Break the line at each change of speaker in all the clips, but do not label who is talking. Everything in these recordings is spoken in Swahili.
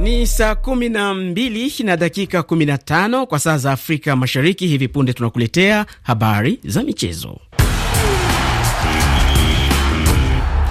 Ni saa kumi na mbili na dakika kumi na tano kwa saa za Afrika Mashariki. Hivi punde tunakuletea habari za michezo.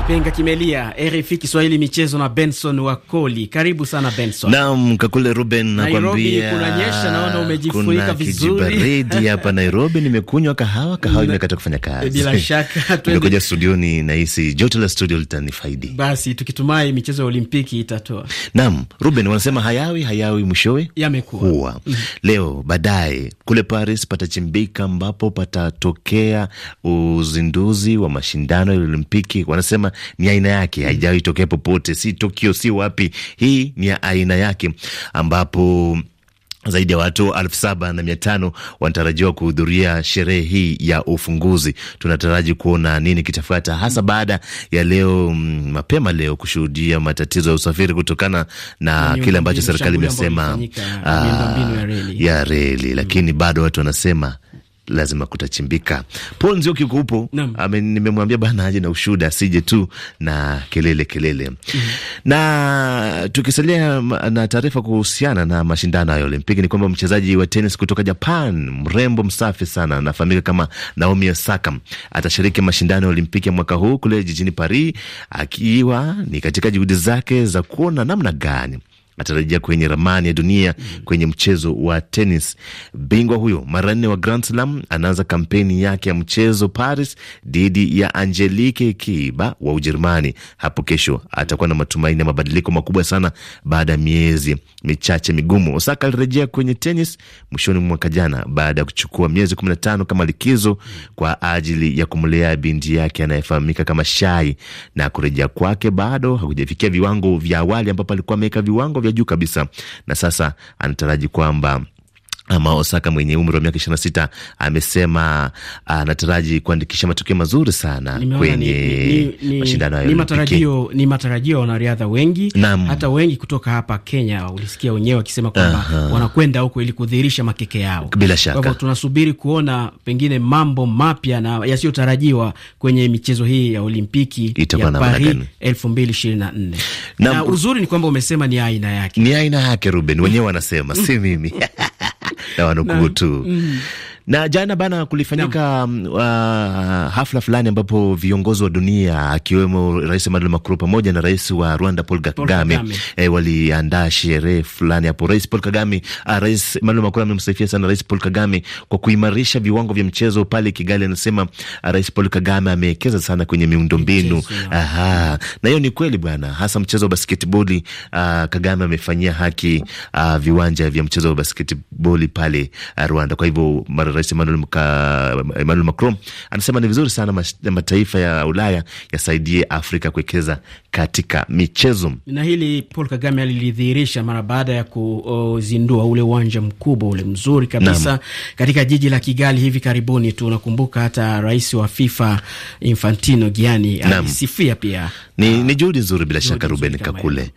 Mapenga Kimelia, RFI Kiswahili michezo na Benson Wakoli. Karibu sana Benson.
Naam, kakule Ruben nakwambia. Kunanyesha, naona umejifunika vizuri. Kuna kijibaridi hapa Nairobi, nimekunywa kahawa, kahawa imekata kufanya kazi. Eh, bila shaka nimekuja studioni na hisi joto la studio litanifaidi.
Basi tukitumai michezo ya Olimpiki itatoa.
Naam, Ruben wanasema hayawi hayawi mwishowe yamekuwa. Mm-hmm. Leo baadaye kule Paris patachimbika ambapo patatokea uzinduzi wa mashindano ya Olimpiki. Wanasema ni aina yake, haijawahi tokea popote, si Tokyo, si wapi. Hii ni ya aina yake ambapo zaidi ya watu elfu saba na mia tano wanatarajiwa kuhudhuria sherehe hii ya ufunguzi. Tunataraji kuona nini kitafuata, hasa baada ya leo mm, mapema leo kushuhudia matatizo ya usafiri kutokana na kile ambacho serikali imesema ah, ya reli, lakini mm. bado watu wanasema lazima kutachimbika. Paul Nzioki uko upo, nimemwambia bana aje na ushuhuda, asije tu na kelele kelele. mm -hmm. Na tukisalia na taarifa kuhusiana na mashindano ya Olimpiki ni kwamba mchezaji wa tenis kutoka Japan, mrembo msafi sana, anafahamika kama Naomi Osaka atashiriki mashindano ya Olimpiki ya mwaka huu kule jijini Paris, akiwa ni katika juhudi zake za kuona namna gani atarajia kwenye ramani ya dunia kwenye mchezo wa tenis. Bingwa huyo mara nne wa Grand Slam anaanza kampeni yake ya mchezo Paris dhidi ya Angelique Kiba wa Ujerumani hapo kesho. Atakuwa na matumaini ya mabadiliko makubwa sana baada ya miezi michache migumu. Osaka alirejea kwenye tenis mwishoni mwaka jana baada ya kuchukua miezi 15 kama likizo kwa ajili ya kumlea binti yake anayefahamika kama Shai, na kurejea kwake bado hakujafikia viwango vya awali ambapo alikuwa ameweka viwango vya ya juu kabisa, na sasa anataraji kwamba ama Osaka mwenye umri wa miaka ishirini na sita amesema anataraji kuandikisha matokeo mazuri sana Nimeona kwenye mashindano hayo. Ni matarajio
ni matarajio ya wanariadha wengi Naam. hata wengi kutoka hapa Kenya ulisikia wenyewe wakisema kwamba wanakwenda huko ili kudhihirisha makeke yao.
Bila shaka, kwa hivyo
tunasubiri kuona pengine mambo mapya na yasiyotarajiwa kwenye michezo hii ya Olimpiki Itakuwa ya Paris elfu mbili ishirini na nne na uzuri ni kwamba umesema ni aina yake,
ni aina yake Ruben wenyewe wanasema si mimi na wanukuu tu mm. Na jana bana kulifanyika uh, hafla fulani ambapo viongozi wa dunia akiwemo Rais Emmanuel Macron pamoja na rais wa Rwanda Paul Kagame eh, waliandaa sherehe fulani hapo. Rais Paul Kagame, uh, Rais Emmanuel Macron amemsifia sana Rais Paul Kagame kwa kuimarisha viwango vya mchezo pale Kigali. Anasema uh, Rais Paul Kagame amewekeza sana kwenye miundombinu. Aha, na hiyo ni kweli bwana, hasa mchezo wa basketboli uh, ah, Kagame amefanyia haki uh, viwanja vya mchezo wa basketboli pale uh, Rwanda. Kwa hivyo mara Rais Emmanuel Macron anasema ni vizuri sana mataifa ya Ulaya yasaidie Afrika kuwekeza katika michezo,
na hili Paul Kagame alilidhihirisha mara baada ya kuzindua ule uwanja mkubwa ule mzuri kabisa Nama. katika jiji la Kigali hivi karibuni tu. Unakumbuka hata rais wa FIFA Infantino Gianni alisifia pia.
Ni, ni juhudi nzuri bila shaka Ruben Kakule.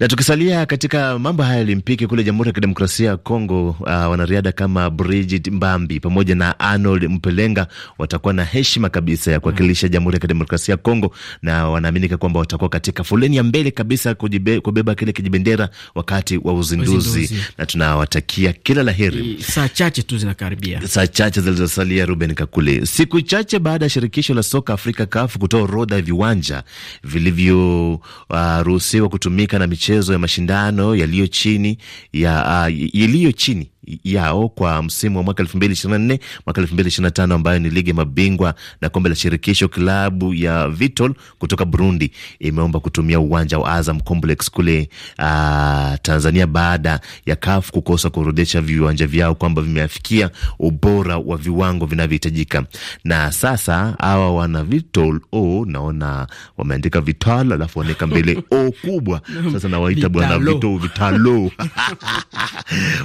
Na tukisalia katika mambo haya ya Olimpiki kule Jamhuri ya Kidemokrasia ya Kongo, uh, wanariadha kama Brigid Mbambi Mugambi pamoja na Arnold Mpelenga watakuwa na heshima kabisa ya kuwakilisha Jamhuri ya Kidemokrasia ya Kongo, na wanaaminika kwamba watakuwa katika foleni ya mbele kabisa kujibe, kubeba kile kijibendera wakati wa uzinduzi, uzinduzi. Na tunawatakia kila la heri.
Saa chache tu zinakaribia, saa
chache zilizosalia, Ruben Kakule, siku chache baada ya shirikisho la soka Afrika CAF kutoa orodha ya viwanja vilivyoruhusiwa uh, kutumika na michezo ya mashindano yaliyo chini ya, uh, yaliyo chini yao kwa msimu wa mwaka 2024 mwaka 2025 ambayo ni ligi ya mabingwa na kombe la shirikisho. Klabu ya Vitol kutoka Burundi imeomba kutumia uwanja wa Azam Complex kule uh, Tanzania baada ya CAF kukosa kurudisha viwanja vyao kwamba vimeafikia ubora wa viwango vinavyohitajika. Na sasa hawa wana Vitol o, naona wameandika Vital alafu waneka mbele o kubwa. Sasa nawaita bwana Vitalo, Vitalo.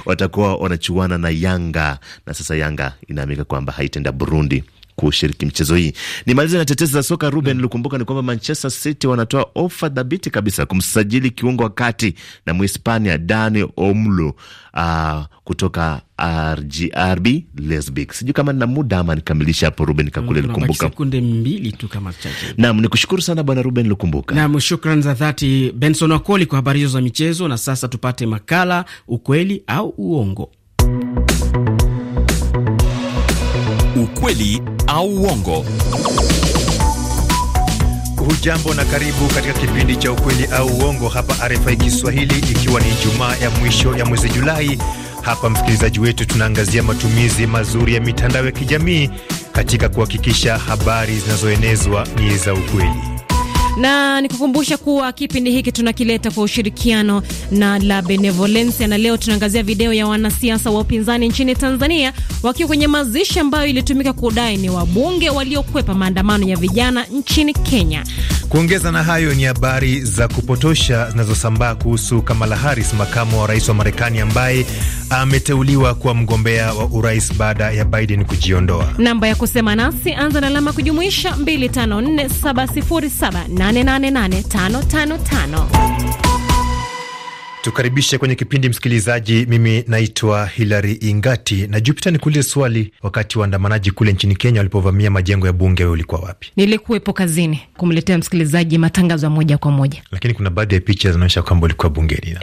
watakuwa wanachuana na Yanga na sasa Yanga inaamika kwamba haitenda Burundi kushiriki mchezo hii. Nimalize na tetezi za soka Ruben mm. Lukumbuka ni kwamba Manchester City wanatoa ofa dhabiti kabisa kumsajili kiungo wa kati na Mhispania Dani Olmo uh, ah, kutoka RGRB Lesbik. Sijui kama nina muda ama nikamilisha hapo, Ruben Kakule mm, Lukumbuka.
Sekunde mbili tu kama chache.
Naam, nikushukuru sana bwana Ruben Lukumbuka.
Naam, shukran za dhati Benson Wakoli kwa habari hizo za michezo, na sasa tupate makala ukweli au uongo.
Ukweli au uongo. Hujambo na karibu katika kipindi cha ukweli au uongo hapa RFI Kiswahili, ikiwa ni Ijumaa ya mwisho ya mwezi Julai. Hapa msikilizaji wetu, tunaangazia matumizi mazuri ya mitandao ya kijamii katika kuhakikisha habari zinazoenezwa ni za ukweli
na nikukumbusha kuwa kipindi hiki tunakileta kwa ushirikiano na La Benevolence, na leo tunaangazia video ya wanasiasa wa upinzani nchini Tanzania wakiwa kwenye mazishi ambayo ilitumika kudai ni wabunge waliokwepa maandamano ya vijana nchini Kenya.
Kuongeza na hayo ni habari za kupotosha zinazosambaa kuhusu Kamala Harris, makamu wa rais wa Marekani, ambaye ameteuliwa kuwa mgombea wa urais baada ya Biden kujiondoa.
Namba ya kusema nasi anza na alama kujumuisha 254707888555
Tukaribishe kwenye kipindi msikilizaji. Mimi naitwa Hilary Ingati na Jupita ni kuulize swali. Wakati waandamanaji kule nchini Kenya walipovamia majengo ya bunge, wewe ulikuwa wapi?
Nilikuwepo kazini kumletea msikilizaji matangazo ya moja kwa moja,
lakini kuna baadhi ya picha zinaonyesha kwamba ulikuwa bungeni.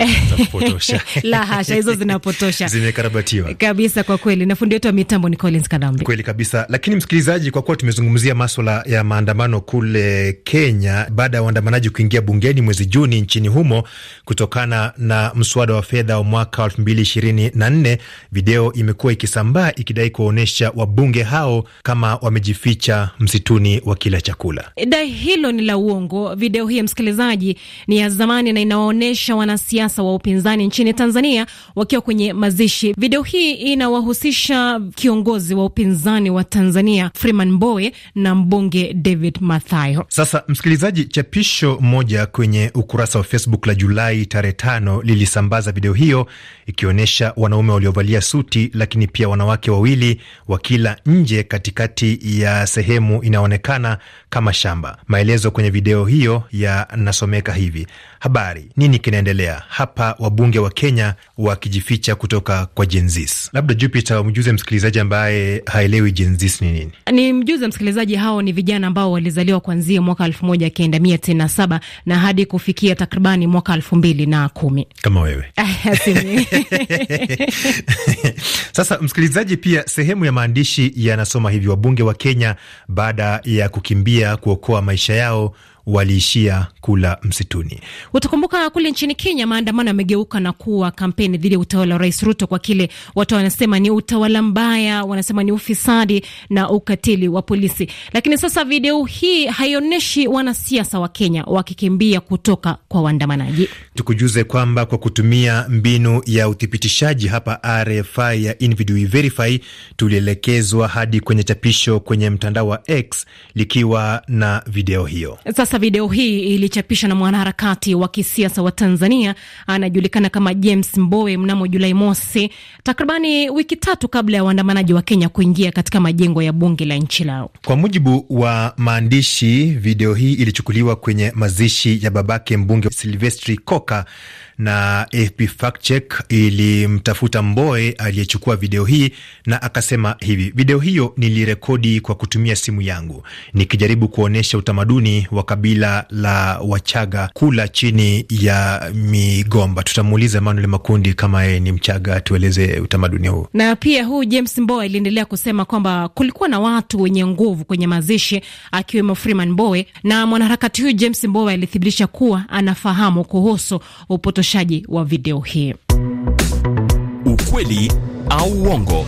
La hasha, hizo zinapotosha,
zimekarabatiwa
kabisa kwa kweli. Na fundi wetu wa mitambo ni Collins Kadambi,
kweli kabisa. Lakini msikilizaji, kwa kuwa tumezungumzia maswala ya maandamano kule Kenya baada ya waandamanaji kuingia bungeni mwezi Juni nchini humo kutokana na mswada wa fedha wa mwaka 2024, video imekuwa ikisambaa ikidai kuwaonyesha wabunge hao kama wamejificha msituni wa kila chakula.
Dai hilo ni la uongo. Video hii, ya msikilizaji, ni ya zamani na inawaonyesha wanasiasa wa upinzani nchini Tanzania wakiwa kwenye mazishi. Video hii inawahusisha kiongozi wa upinzani wa Tanzania Freeman Mbowe na mbunge David Mathayo.
Sasa msikilizaji, chapisho moja kwenye ukurasa wa Facebook la Julai tarehe tano lilisambaza video hiyo ikionyesha wanaume waliovalia suti, lakini pia wanawake wawili wakila nje katikati ya sehemu inayoonekana kama shamba. Maelezo kwenye video hiyo yanasomeka hivi: habari, nini kinaendelea hapa? Wabunge wa Kenya wakijificha kutoka kwa Jenzis. Labda Jupiter mjuze msikilizaji ambaye haelewi Jenzis ni nini.
Ni mjuze msikilizaji, hao ni vijana ambao walizaliwa kuanzia mwaka elfu moja kenda mia saba na hadi kufikia takribani mwaka elfu mbili na kumi kama wewe
Sasa msikilizaji, pia sehemu ya maandishi yanasoma hivi: wabunge wa Kenya baada ya kukimbia kuokoa maisha yao waliishia kula msituni.
Utakumbuka kule nchini Kenya, maandamano yamegeuka na kuwa kampeni dhidi ya utawala wa Rais Ruto kwa kile watu wanasema ni utawala mbaya, wanasema ni ufisadi na ukatili wa polisi. Lakini sasa video hii haionyeshi wanasiasa wa Kenya wakikimbia kutoka kwa waandamanaji.
Tukujuze kwamba kwa kutumia mbinu ya uthibitishaji hapa RFI ya Verify tulielekezwa hadi kwenye chapisho kwenye mtandao wa X likiwa na video hiyo
sasa video hii ilichapishwa na mwanaharakati wa kisiasa wa Tanzania anajulikana kama James Mbowe mnamo Julai mosi, takribani wiki tatu kabla ya waandamanaji wa Kenya kuingia katika majengo ya bunge la nchi lao.
Kwa mujibu wa maandishi, video hii ilichukuliwa kwenye mazishi ya babake mbunge Silvestri Koka na AFP Fact Check ilimtafuta Mboe aliyechukua video hii na akasema hivi: video hiyo nilirekodi kwa kutumia simu yangu nikijaribu kuonyesha utamaduni wa kabila la Wachaga kula chini ya migomba. Tutamuuliza Emanuel Makundi kama yeye ni Mchaga tueleze utamaduni huu.
Na pia huu James Mboe aliendelea kusema kwamba kulikuwa na watu wenye nguvu kwenye mazishi akiwemo Freeman Mboe, na mwanaharakati huyu James Mboe alithibitisha kuwa anafahamu kuhusu upoto mtayarishaji wa video hii.
Ukweli au uongo.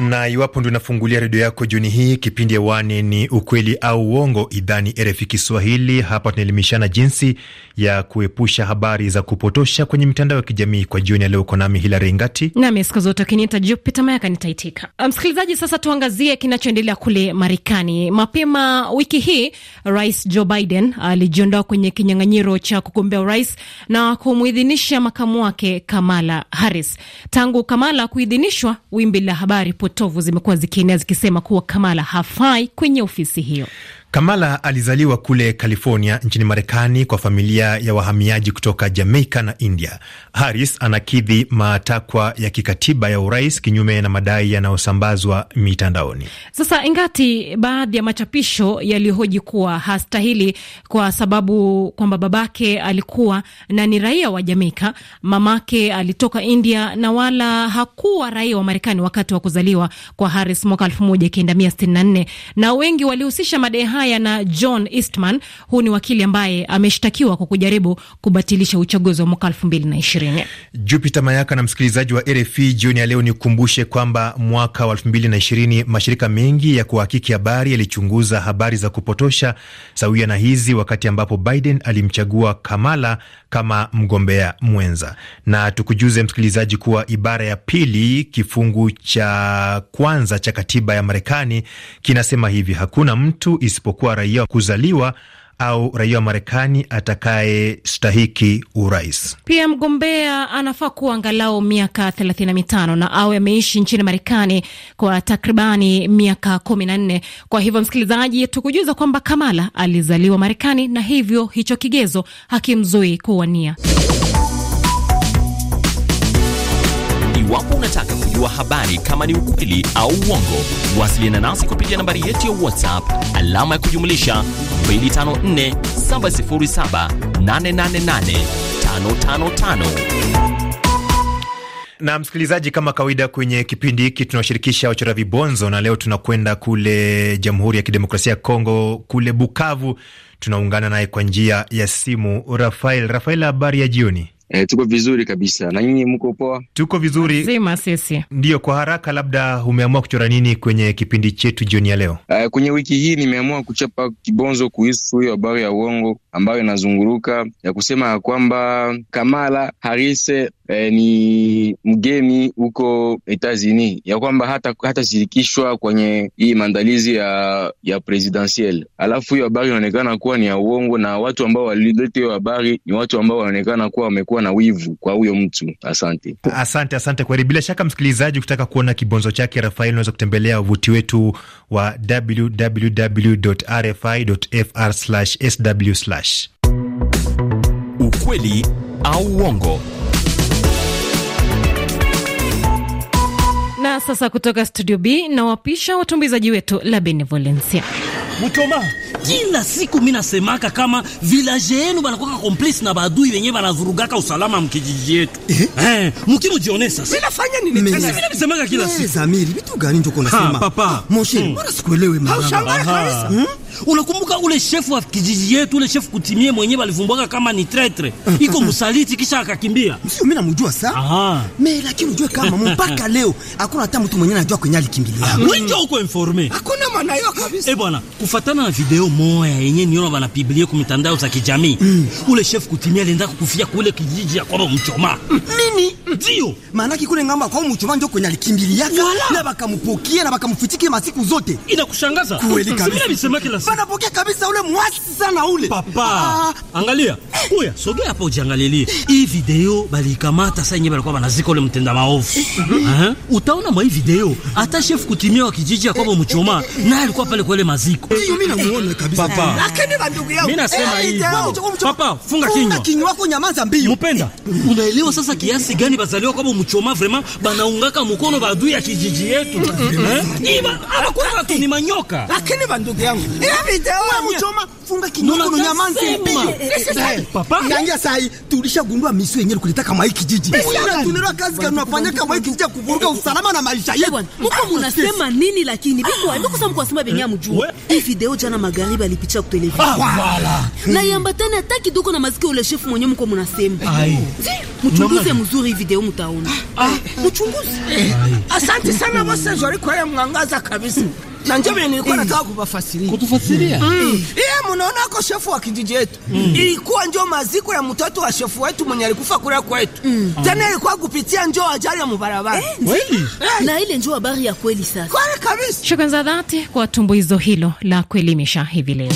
na iwapo ndo unafungulia redio yako jioni hii, kipindi hewani ni ukweli au uongo, idhani RFI Kiswahili. Hapa tunaelimishana jinsi ya kuepusha habari za kupotosha kwenye mitandao ya kijamii. Kwa jioni ya leo uko nami Hilari Ngati
nami siku zote ukiniita Jupita Mayaka nitaitika. Ah, msikilizaji, sasa tuangazie kinachoendelea kule Marekani. Mapema wiki hii Rais Joe Biden alijiondoa kwenye kinyang'anyiro cha kugombea urais na kumuidhinisha makamu wake Kamala Harris. Tangu Kamala kuidhinishwa, wimbi la habari potovu zimekuwa zikienea zikisema kuwa Kamala hafai kwenye ofisi hiyo.
Kamala alizaliwa kule California nchini Marekani kwa familia ya wahamiaji kutoka Jamaica na India. Harris anakidhi matakwa ya kikatiba ya urais kinyume na madai yanayosambazwa mitandaoni.
Sasa ingati baadhi ya machapisho yaliyohoji kuwa hastahili kwa sababu kwamba babake alikuwa na ni raia wa Jamaica, mamake alitoka India na wala hakuwa raia wa Marekani wakati wa kuzaliwa kwa Harris mwaka 1964 na wengi walihusisha madai haya na John Eastman. Huu ni wakili ambaye ameshtakiwa kwa kujaribu kubatilisha uchaguzi wa mwaka elfu mbili na ishirini.
Jupiter Mayaka na msikilizaji wa RFI jioni ya leo, nikumbushe kwamba mwaka wa elfu mbili na ishirini mashirika mengi ya kuhakiki habari yalichunguza habari za kupotosha sawia na hizi, wakati ambapo Biden alimchagua Kamala kama mgombea mwenza. Na tukujuze msikilizaji kuwa ibara ya pili kifungu cha kwanza cha katiba ya Marekani kinasema hivi: hakuna mtu isipo isipokuwa raia kuzaliwa au raia wa Marekani atakayestahiki urais.
Pia mgombea anafaa kuwa angalau miaka 35 na awe ameishi nchini Marekani kwa takribani miaka kumi na nne. Kwa hivyo, msikilizaji, tukujuza kwamba Kamala alizaliwa Marekani na hivyo hicho kigezo hakimzui kuwania
Iwapo unataka kujua habari kama ni ukweli au uongo, wasiliana nasi kupitia nambari yetu ya WhatsApp alama ya kujumlisha 254 707 888 555
na msikilizaji, kama kawaida kwenye kipindi hiki tunawashirikisha wachora vibonzo, na leo tunakwenda kule Jamhuri ya Kidemokrasia ya Kongo, kule Bukavu. Tunaungana naye kwa njia ya simu Rafael. Rafael, habari ya jioni?
E, tuko vizuri kabisa. Na nyinyi mko poa?
Tuko vizuri
zima sisi.
Ndio, kwa haraka, labda umeamua kuchora nini kwenye kipindi chetu jioni ya leo?
E, kwenye wiki hii nimeamua kuchapa kibonzo kuhusu hiyo habari ya uongo ambayo inazunguruka ya kusema ya kwamba Kamala Harris eh, ni mgeni huko Etats-Unis, ya kwamba hata hatashirikishwa kwenye hii maandalizi ya ya presidentiel. Alafu hiyo habari inaonekana kuwa ni ya uongo, na watu ambao walileta hiyo habari ni watu ambao wanaonekana kuwa wamekuwa na wivu kwa huyo mtu. Asante,
asante, asante kweli. Bila shaka, msikilizaji, kutaka kuona kibonzo chake Rafael, unaweza kutembelea wavuti wetu wa www.rfi.fr/sw Flash.
Ukweli
au uongo.
Na sasa kutoka Studio B na wapisha watumbizaji wetu la Benevolencia
Mutoma. Kila siku mi nasemaka kama vilaje yenu banakuwa komplisi na badui wenyewe banavurugaka usalama mkijiji yetu. Eh? Eh, mkimujione sasa. Minafanya nini tena? Mimi nisemaka kila eh, siku. Zamiri, vitu gani ndio unasema? Papa, Moshe, mbona hmm. sikuelewi mara. Haushangaa kabisa. Hmm? Unakumbuka ule shefu wa kijiji yetu, ule shefu kutimie mwenyewe alivumbwaka kama ni traitre iko msaliti, kisha akakimbia. Sio mimi namjua saa me, lakini ujue kama mpaka leo hakuna hata mtu mwenyewe anajua kwenye alikimbilia. Mwenje ah, uko informe, hakuna maana hiyo kabisa. Eh bwana, kufatana na video moya yenyewe niona bana biblia kwa mitandao za kijamii mm, ule shefu kutimia alienda kukufia kule kijiji ya kwao mchoma mimi mm. ndio maana yake kule ngamba kwa mchoma ndio kwenye alikimbilia na bakamupokia na bakamfitikia masiku zote. Inakushangaza kweli kabisa mimi nabisemaki basi. Banapokea kabisa ule mwasi sana ule. Papa, ah. Angalia. Kuya, sogea hapo ujiangalilie. Hii video balikamata sasa yenyewe balikuwa banazika ule mtenda maovu. Uh-huh. Utaona mwa hii video hata chef kutimia wa kijiji ya kwamba mchoma eh. naye alikuwa pale kwa ile maziko. Mimi namuona kabisa. Papa. Lakini ba ndugu yao. Mimi nasema hivi. Papa, funga kinywa. Funga kinywa wako nyamaza mbio. Mupenda. Unaelewa sasa kiasi gani bazaliwa kwamba mchoma vraiment banaungaka mkono badui ya kijiji yetu. Eh? ba, hapa kwa watu ni manyoka. Lakini ba ndugu yangu. David, oh, funga kinyongo na nyamanzi mpige. Papa, nangia sai tulishagundua misu yenyewe kulita kama hiki kijiji. Bila eh, tunelewa kazi kama unafanya kama hiki kijiji kuvuruga eh, eh, usalama na maisha yetu. Mko mnasema nini lakini? Biko ah. ndio kusema kwa sababu benya mjua. Hii video jana magharibi alipicha kwa televisheni. Ah, Wala. Na yambatana hata kidogo na masikio ule chef mwenyewe mko mnasema. Ai. Mchunguze mzuri video mtaona. Ah, mchunguze. Asante sana bosi Jori kwa mwangaza kabisa. Na ndio nilikuwa nataka kufasiria. Kutufasiria. Mm. Eh, unaona ako shefu wa kijiji yetu mm. Ilikuwa njo maziko ya mtoto wa shefu wetu mwenye alikufa kule kwetu mm. Tena ilikuwa kupitia njo ajali ya mbarabara eh, eh. Na ile njo habari ya kweli sasa,
kweli kabisa. Shukrani za dhati kwa tumbuizo hilo la kuelimisha hivi leo.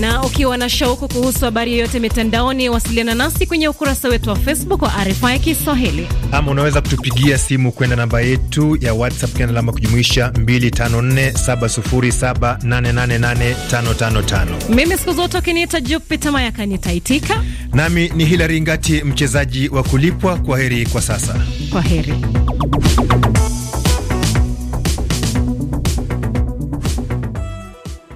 Na ukiwa na shauku kuhusu habari yoyote mitandaoni, wasiliana nasi kwenye ukurasa wetu wa Facebook wa RFI Kiswahili,
ama unaweza kutupigia simu kwenda namba yetu ya WhatsApp kenda namba kujumuisha 254707888555.
Mimi siku zote ukiniita Jupita Mayaka nitaitika,
nami ni Hilari Ngati, mchezaji wa kulipwa. Kwa heri kwa sasa,
kwa heri.